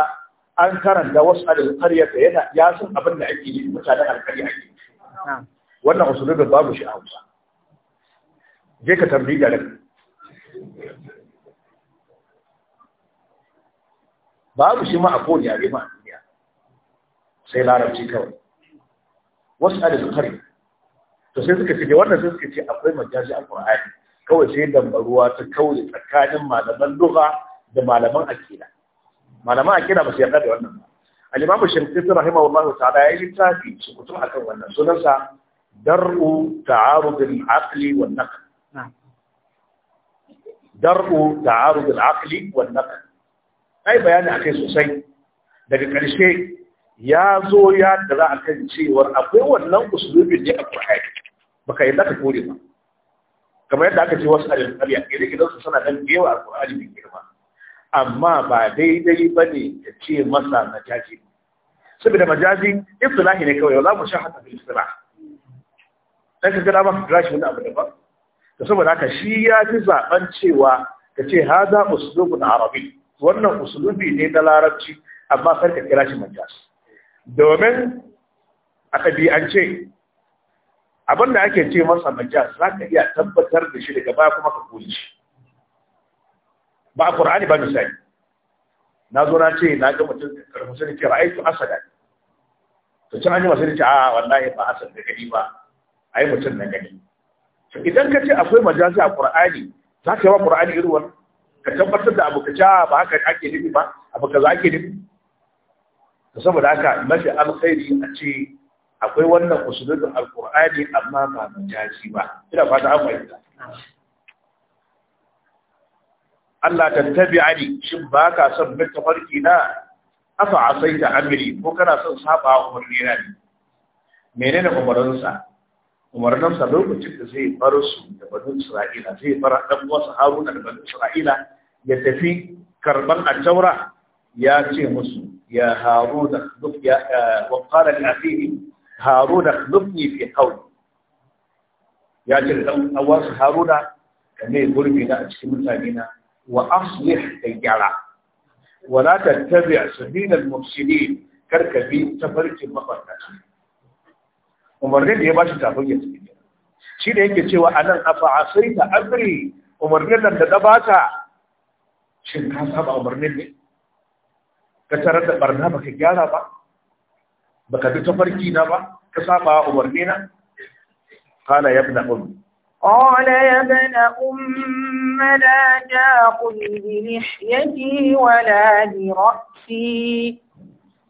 an karanta was'al al-qarya yana ya san abin da ake yi mutanen al-qarya ne wannan usulubin babu shi a Hausa je ka tambayi da babu shi ma a kowane yare ma a duniya sai larabci kawai wasu adadin kare to sai suka ce wannan sai suka ce akwai majaji alƙur'ani kawai sai dambaruwa ta kauye tsakanin malaman duka da malaman akida malaman akida ba su yarda da wannan ba al-imam shafi'i rahimahullahu ta'ala ya yi littafi su a kan wannan sunansa dar'u ta al-aqli wannan. dar'u ta'arud aqli wan ai bayani akai sosai daga ƙarshe ya zo ya dara a kan cewar akwai wannan usulubin ne a ƙwararri baka yi zaka kore ba kamar yadda aka ce wasu alim ƙarya ire idan su sana dan gewa a ƙwararri mai girma amma ba daidai ba ne ce masa majaji saboda majaji ibtilahi ne kawai wala mu sha bil istilah dan ka gada maka gashi wani abu daban to saboda haka shi ya fi zaben cewa ka ce hadha usulubun arabi wannan usulubi ne na larabci amma sai ka kira shi majas domin a ɗabi'ance abin da ake ce masa majas za ka iya tabbatar da shi daga baya kuma ka koyi shi ba a ƙur'ani ba misali na zo na ce na ga mutum karfi sai ce ra'ayi asada to can an yi masu ce a wallahi ba asada da gani ba ai mutum na gani idan ka ce akwai majasi a ƙur'ani za ka yi wa ƙur'ani irin wannan ka tabbatar da abu ka ja ah, ba haka ake nufi ba abu za ake nufi saboda haka mafi alkhairi a ce akwai wannan usulun alkur'ani amma ba majazi ba ina fata an fahimta Allah tattabi ani shin ba ka son bin farki na afa asai da amiri ko kana son saba umarni na ne menene umarninsa umarninsa lokacin da zai bar su da banu isra'ila zai bar dan wasu haruna da banu isra'ila ya tafi karban taura, ya ce musu ya da duk ya da qala haru da haruna dubni fi hau. ya ce dan awas haruna kame gurbi na a cikin mutane na wa aslih tayyara wa la tattabi sabil al mufsidin karkabi tafarkin mafarkaci umarnin da ya bashi tafin ya tafi shi da yake cewa anan afa asaita amri umarnin nan da ta bata shin ka saba umarnin ne ka tarar da barna baka gyara ba baka bi tafarki na ba ka saba umarni na kana ya ibn um qala ya ibn um la taqul bi lihyati wa la bi ra'si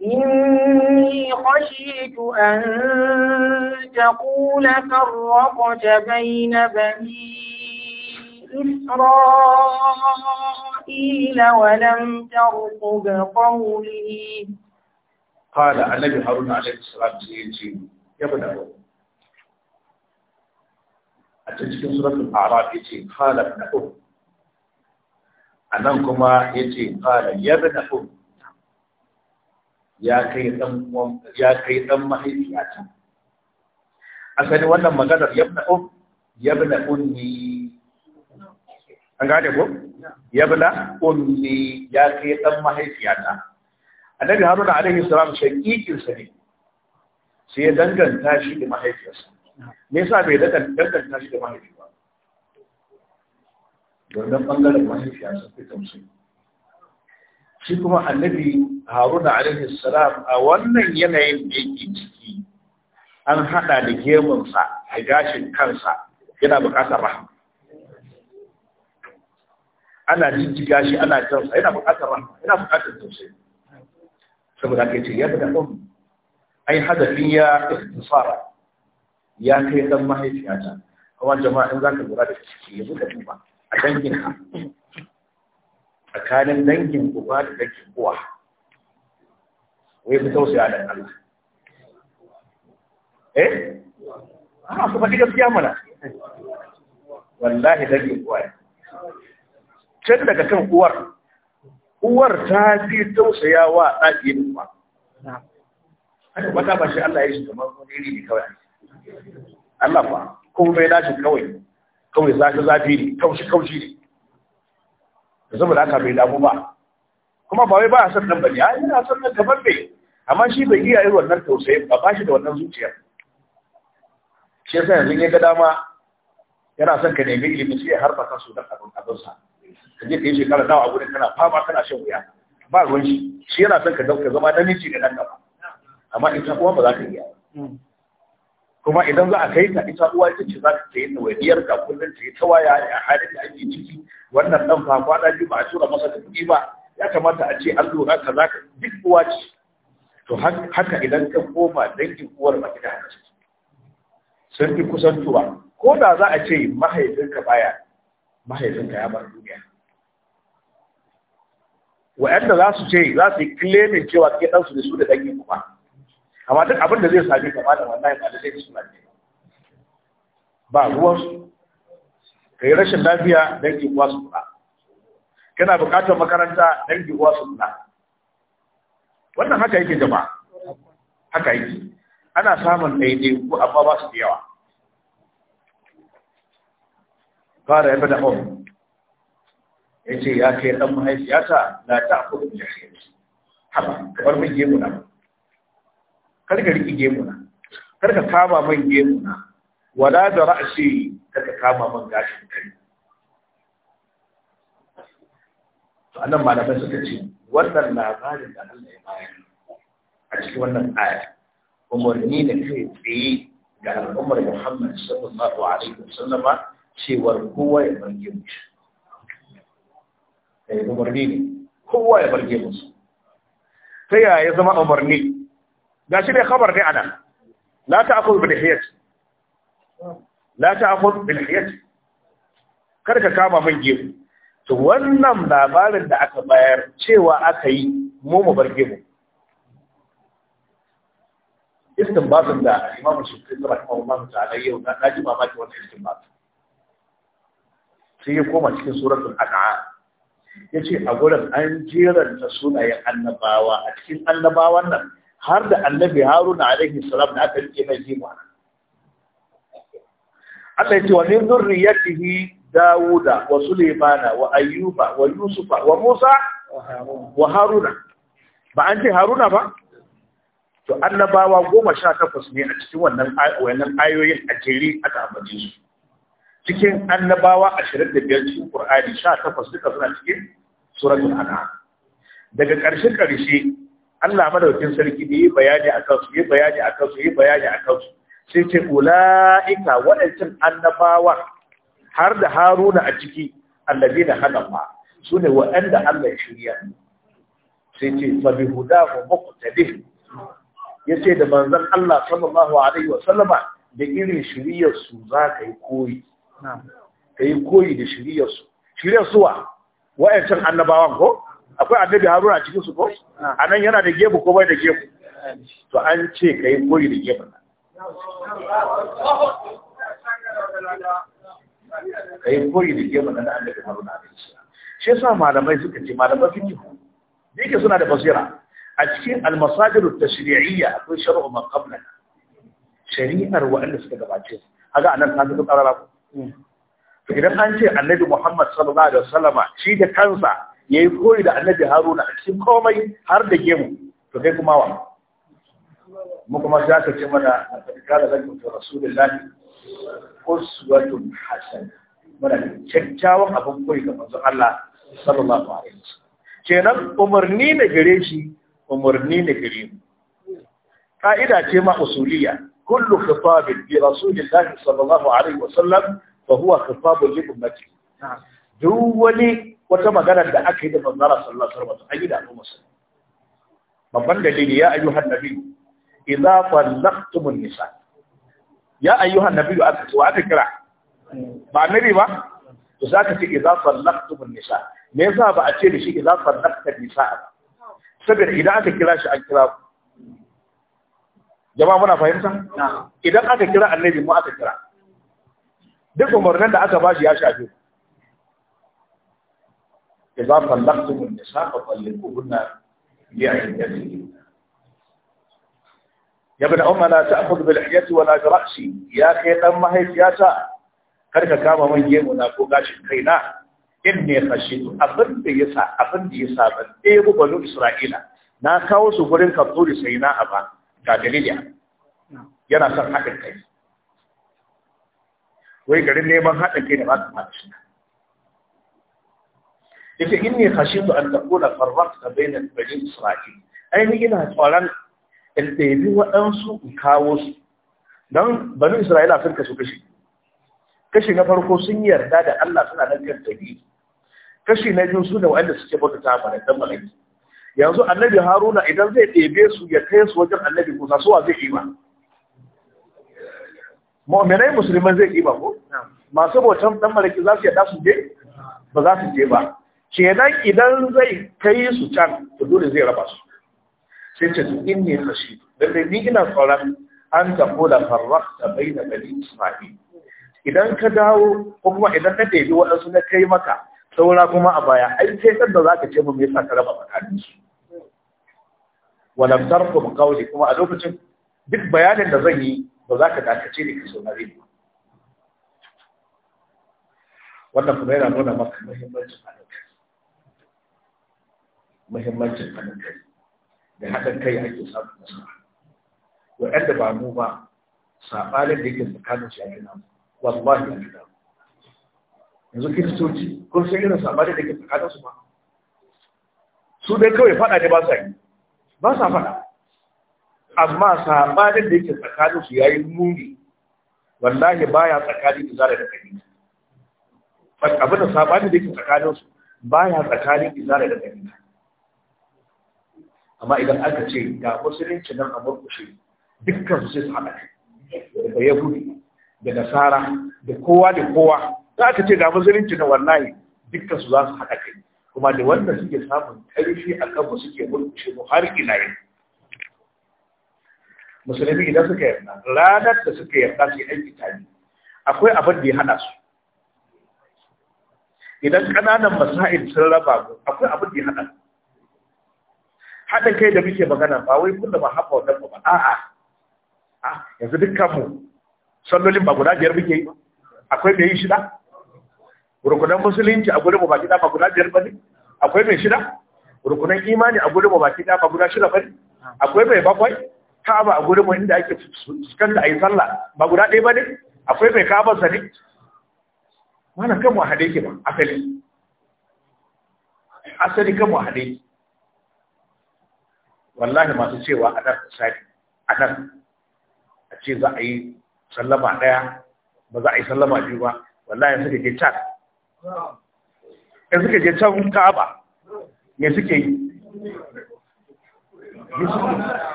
إني خشيت أن تقول فرقت بين بني إسرائيل ولم ترقب قولي قال النبي هارون عليه الصلاة والسلام يا ابن أبو أتجد سورة الأعراف يجي قال ابن أم أنكما كما يجي قال يا ابن أم ya kai dan ya kai dan mahaifiyata asali wannan maganar yabna um yabna ummi an gane ko bala ummi ya kai dan mahaifiyata annabi haruna alaihi salam shaqiqin sa ne sai ya danganta shi da mahaifiyarsa me yasa bai danganta shi da mahaifiyarsa? ba don bangaren mahaifiyarsa sai tausayi shi kuma annabi haruna alaihi salam a wannan yanayin da yake ciki an hada da gemunsa a gashin kansa yana bukatar rahama ana jijjiga shi ana jansa yana buƙatar rahama yana buƙatar tausayi saboda kai ce ya fi daɗin ai hadafin ya tsara ya kai dan mahaifiyata kuma jama'a in zaka lura da ciki ya ka duba a dangin ka tsakanin dangin uba da dangin uwa wai fi tausaya da Allah eh a ku faɗi gaskiya mana wallahi dangin uwa can daga kan uwar uwar ta fi tausaya wa ɗaki ba haka mata ba shi Allah ya yi kamar wani iri ne kawai Allah ba kuma bai nashi kawai kawai zafi zafi ne kaushi kaushi ne da saboda haka bai damu ba kuma ba wai ba a san nan bane ai na san nan kamar bai amma shi bai iya irin wannan tausayi ba ba shi da wannan zuciya shi yasa yanzu ya ga dama yana son ka nemi ilimi sai ya harba kansu da abin abin sa ka je ka yi shekara nawa a gurin kana fama kana shan wuya ba ruwan shi shi yana son ka dauka zama namiji da nan gaba amma ita uwa ba za ka iya hmm. kuma idan za a kai ka ita uwa ita ce za ka ta yi nawariyar ka kullum ta yi ta waya a halin da ake ciki wannan dan fa kwana biyu ba a tura masa da kuɗi ba ya kamata a ce an lura ka za ka duk uwa ce to haka idan ka koma dangin uwar ba ta haka sun fi kusantuwa ko da za a ce mahaifinka baya mahaifinka ya bar duniya wa'anda za su ce za su yi claiming cewa ke ɗansu da su da ɗanyi kuma amma duk abin da zai sami kama da wannan ba da zai su na ba su. ka yi rashin lafiya dangi kuwa su kula kana buƙatar makaranta dangi kuwa su kula wannan haka yake jama'a haka yake ana samun daidai ko amma ba su da yawa fara yaba da hon ya ce ya kai ɗan mahaifiyata na ta kudu ta shi haba kamar mai gemu na kar ka riƙi gemu na kar ka kama man gemu na wala da ra'ashe kar ka kama man gashin kai to annan malamai suka ce wannan labarin da Allah ya bayar a cikin wannan aya umarni da kai tsaye ga al'ummar Muhammad sallallahu alaihi wasallam cewar kowa ya barge mu shi eh, yi umarni ne kowa ya barge musu ta yaya ya zama umarni ga shi ne khabar ne ana la ta'khudh bil hiyat la ta'khudh bil hiyat kar kama min gemu to wannan labarin da aka bayar cewa aka yi mu mu barge mu istinbatin da imamu shukri rahimahullahu ta'ala yau na ji mamaki wannan istinbatin sai ya koma cikin suratul an'am yace a gurin an jeranta sunayen annabawa a cikin annabawan nan har da annabi haruna alaihi salam da aka rike mai jima Allah ya ce wa min zurriyatihi dawuda wa sulaymana wa ayyuba wa yusufa wa musa wa haruna ba an ce haruna ba to annabawa goma sha takwas ne a cikin wannan ayoyin a jere aka ambace su cikin annabawa 25 cikin Qur'ani 18 duka suna cikin suratul an'am daga ƙarshe ƙarshe Allah madaukin sarki da yi bayani akan su yi bayani akan su yi bayani akan su sai ce ula'ika waɗancan annabawa har da haruna a ciki allabi da hanafa su ne waɗanda Allah ya shirya sai ce fabi huda ko makwatade ya ce da manzan Allah sallallahu alaihi wasallama da irin shiriyar su za ka yi koyi ka yi koyi da shiriyarsu shiryarsu wa wa'ancan annabawan ko akwai annabi haruna a cikinsu ko a nan yana da gebu ko bai da gebu to an ce ka yi koyi da gebu ka yi koyi da gebu na annabi haruna a shi sa malamai suka ce malamai fiki da yake suna da basira a cikin almasajiru da shari'iyya akwai shari'u man qablana shari'ar wa'anda suka gabace su kaga anan ta zuka karara ku idan an ce annabi Muhammad sallallahu alaihi wasallama shi da kansa yayi koyi da annabi Haruna a cikin komai har da gemu to kai kuma wa mu kuma za ka ce mana a kada da ku rasulullahi uswatun hasan mana kyakkyawan abin koyi ga manzon Allah sallallahu alaihi wasallam kenan umarni ne gare shi umarni ne gare mu ka'ida ce ma usuliya كل خطاب لرسول الله صلى الله عليه وسلم فهو خطاب لأمته دولي وتمغنا لأكيد من الله صلى الله عليه وسلم أجد أنه مسلم babban dalili ya ayyuhan nabi idza talaqtumun nisa ya ayyuhan nabi aka ce aka kira ba nabi ba to zaka ce idza talaqtumun nisa me yasa ba a ce da shi idza saboda idan aka kira an kira jama'a muna fahimta idan aka kira annabi mu aka kira duk umarnin da aka ba shi ya shafe idza talaqtum an nisaa fa talliquhunna li'iddatihinna ya ibn umma la ta'khudh bil hilyati wa la bi ra'si ya kai dan mahaifiyata karka kama man gemu na ko gashin kaina in ne khashitu abin da yasa abin da yasa ban ɗebo banu isra'ila na kawo su gurin kafuri sai na aba ga daliliya yana son haɗin kai wai garin neman haɗin kai da ba su in yake inni khashitu an takuna farraqta bayna bani isra'il ai ainihin ina tsoron in waɗansu in kawo su don bani isra'ila sun kasu kashi kashi na farko sun yarda da Allah suna nan kan tabi kashi na biyu su ne waɗanda suke bauta ta mara ɗan malaki yanzu annabi haruna idan zai ɗebe su ya kai su wajen annabi musa suwa zai ƙiba mu'minai musulman zai ƙiba ko masu bautan ɗan mariki za su yada su je ba za su je ba kenan idan zai kai su can to dole zai raba su sai ce ta shi lalle ni ina tsoron an da ta da bai da bani isma'il idan ka dawo ko kuma idan ka ɗebi waɗansu na kai maka saura kuma a baya ai sai san da zaka ce mun me yasa ka raba tsakanin su walam tarkum qawli kuma a lokacin duk bayanin da zan yi ba za ka dakace ni ka na ni wannan kuma yana nuna maka muhimmancin haɗin muhimmancin haɗin da haɗin kai ake samun nasara waɗanda ba mu ba sabalin da yake tsakanin shi a gina wallahi a gina yanzu kiristoci kun san irin sabanin da ke tsakaninsu su ba su dai kawai fada ne ba sa yi ba sa fada amma sabanin da yake tsakanin su yayi muni wallahi baya tsakanin izara da kabila abin da sabanin da ke tsakaninsu su baya tsakanin izara da kabila amma idan aka ce ga musulunci nan a murkushe dukkan su sai su haɗa da yahudi da nasara da kowa da kowa za ka ce ga musulunci da wallahi dukkan su za su haɗa kai kuma da wanda suke samun ƙarfi a kanmu suke mulkushe mu har ina yi musulmi idan suka yarda ranar da suka yarda su yi aiki tare akwai abin da ya haɗa su idan ƙananan masa'il sun raba mu akwai abin da ya haɗa haɗin kai da muke magana ba wai kun da ba haɓa wannan ba a'a yanzu dukkan mu sallolin ba guda biyar muke yi ba akwai mai yi shida rukunan musulunci a gurin ba baki dafa guda biyar bane akwai mai shida rukunan imani a gurin ba baki dafa guda shida bane akwai mai bakwai kaba a gurin mu inda ake da ayi sallah ba guda ɗaya bane akwai mai kaba sani? Mana kan mu hade ke ba asali asali kan mu hade wallahi masu cewa a nan sai a nan a ce za a yi sallama ɗaya ba za a yi sallama biyu ba wallahi sai ke cat da suke je can ka'aba me suke yi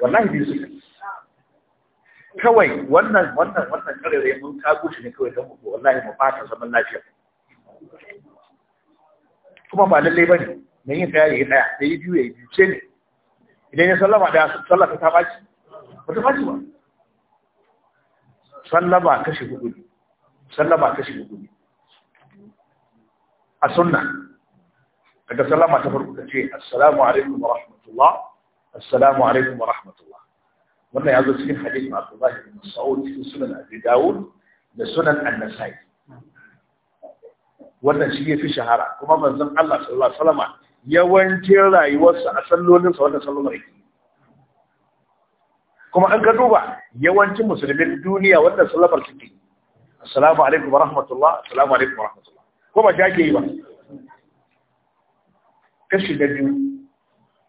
wannan bi suke kawai wannan wannan wannan karere mun kago shi ne kawai don mu wallahi mu fata zaman lafiya kuma ba lallai bane dan yin daya yayi daya da yi biyu yayi biyu ce ne idan ya sallama da sallaka ta baci ba ta baci ba sallama kashi hudu sallama kashi hudu a sunna daga salama ta farko ta ce assalamu alaikum wa rahmatullah assalamu alaikum wa rahmatullah wannan ya zo cikin masu Abdullah da Mas'ud cikin sunan Abi Dawud da sunan Annasai. wannan shi fi shahara kuma manzon Allah sallallahu alaihi wasallam yawancin rayuwarsa a sallolin sa wannan sallar yake kuma an ka duba yawancin musulmin duniya wannan sallar suke assalamu alaikum wa rahmatullah assalamu alaikum wa rahmatullah ko ba ta yi ba kashi da biyu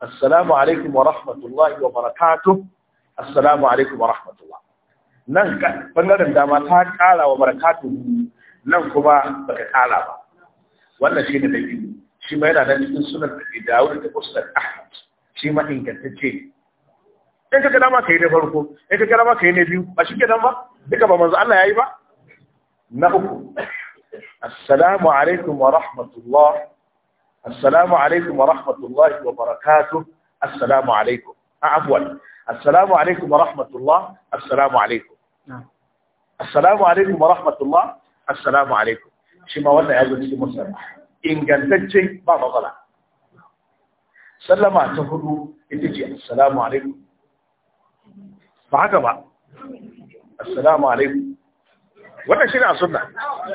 assalamu alaikum wa rahmatullahi wa barakatuh assalamu alaikum wa rahmatullah nan bangaren dama ta kara wa barakatu. nan kuma baka kara ba wannan shi ne da biyu shi ma yana da cikin sunan da dawo da Musnad Ahmad shi ma ingantacce in ka ga dama yi na farko in ka ga dama kai na biyu ba shi ke nan ba duka ba manzo Allah yi ba na uku السلام عليكم ورحمة الله السلام عليكم ورحمة الله وبركاته السلام عليكم آه، عفوا السلام عليكم ورحمة الله السلام عليكم نعم. السلام عليكم ورحمة الله السلام عليكم شما ولا يقول في مسلم إن كان تجي ما مظلع سلم عليكم تجي السلام عليكم بعد السلام عليكم wannan shi ne a sunna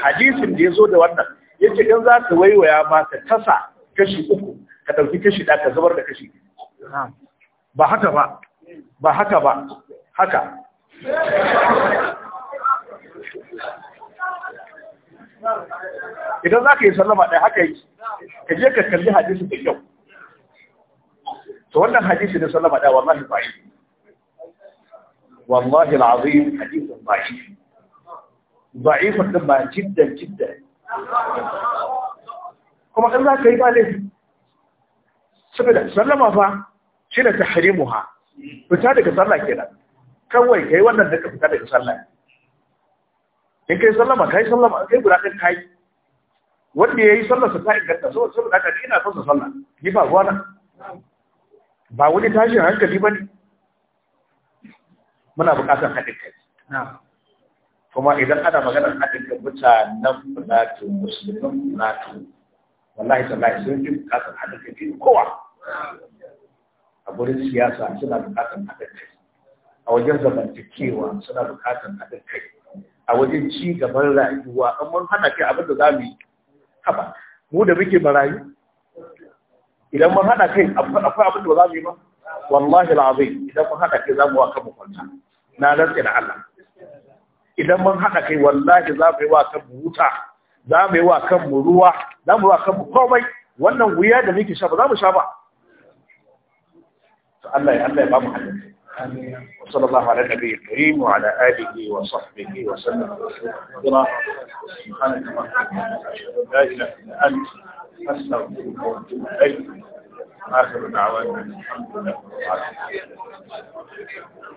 hadisin da ya zo da wannan ya ce in za ka waiwaya ma ka tasa kashi uku ka ɗauki kashi ɗaya ka zubar da kashi ba haka ba ba haka ba haka idan za ka yi sallama ɗaya haka yi ka je ka kalli hadisi da kyau to wannan hadisi da sallama ɗaya wallahi shi wallahi al'azim hadisin shi da'ifun din ba jiddan jiddan kuma kan za ka yi ba laifi da, sallama fa shi ne ha, fita daga sallah ke kenan kawai ka yi wannan da ka fita daga sallah in kai sallama ka yi sallama kai guda ɗin kai wanda ya yi sallarsa ta inganta so sun da kaji ina fasa sallah ni ba ruwa ba wani tashin hankali ba ne muna buƙatar haɗin kai kuma idan ana maganar haɗin kan mutanen Plateau musulman Plateau wallahi tallahi sun fi bukatar haɗin kai fiye kowa a gurin siyasa suna bukatar haɗin kai a wajen zamantakewa suna bukatar haɗin kai a wajen ci gaban rayuwa an mun hana kai abin da za mu yi haba mu da muke marayu idan mun hana kai akwai abin da ba za mu yi ba wallahi alazim idan mun hana kai za mu wa kanmu kwanta na nan da Allah idan mun haɗa kai wallahi za mu yi wa kanmu wuta za mu yi wa kanmu ruwa za mu yi wa kanmu komai wannan wuya da muke sha ba za mu sha ba Allah ya Allah ya ba mu hadin وصلى الله على wa الكريم wa آله وصحبه وسلم سبحانك اللهم لا إله إلا أنت أستغفرك وأتوب إليك آخر دعوانا الحمد لله رب العالمين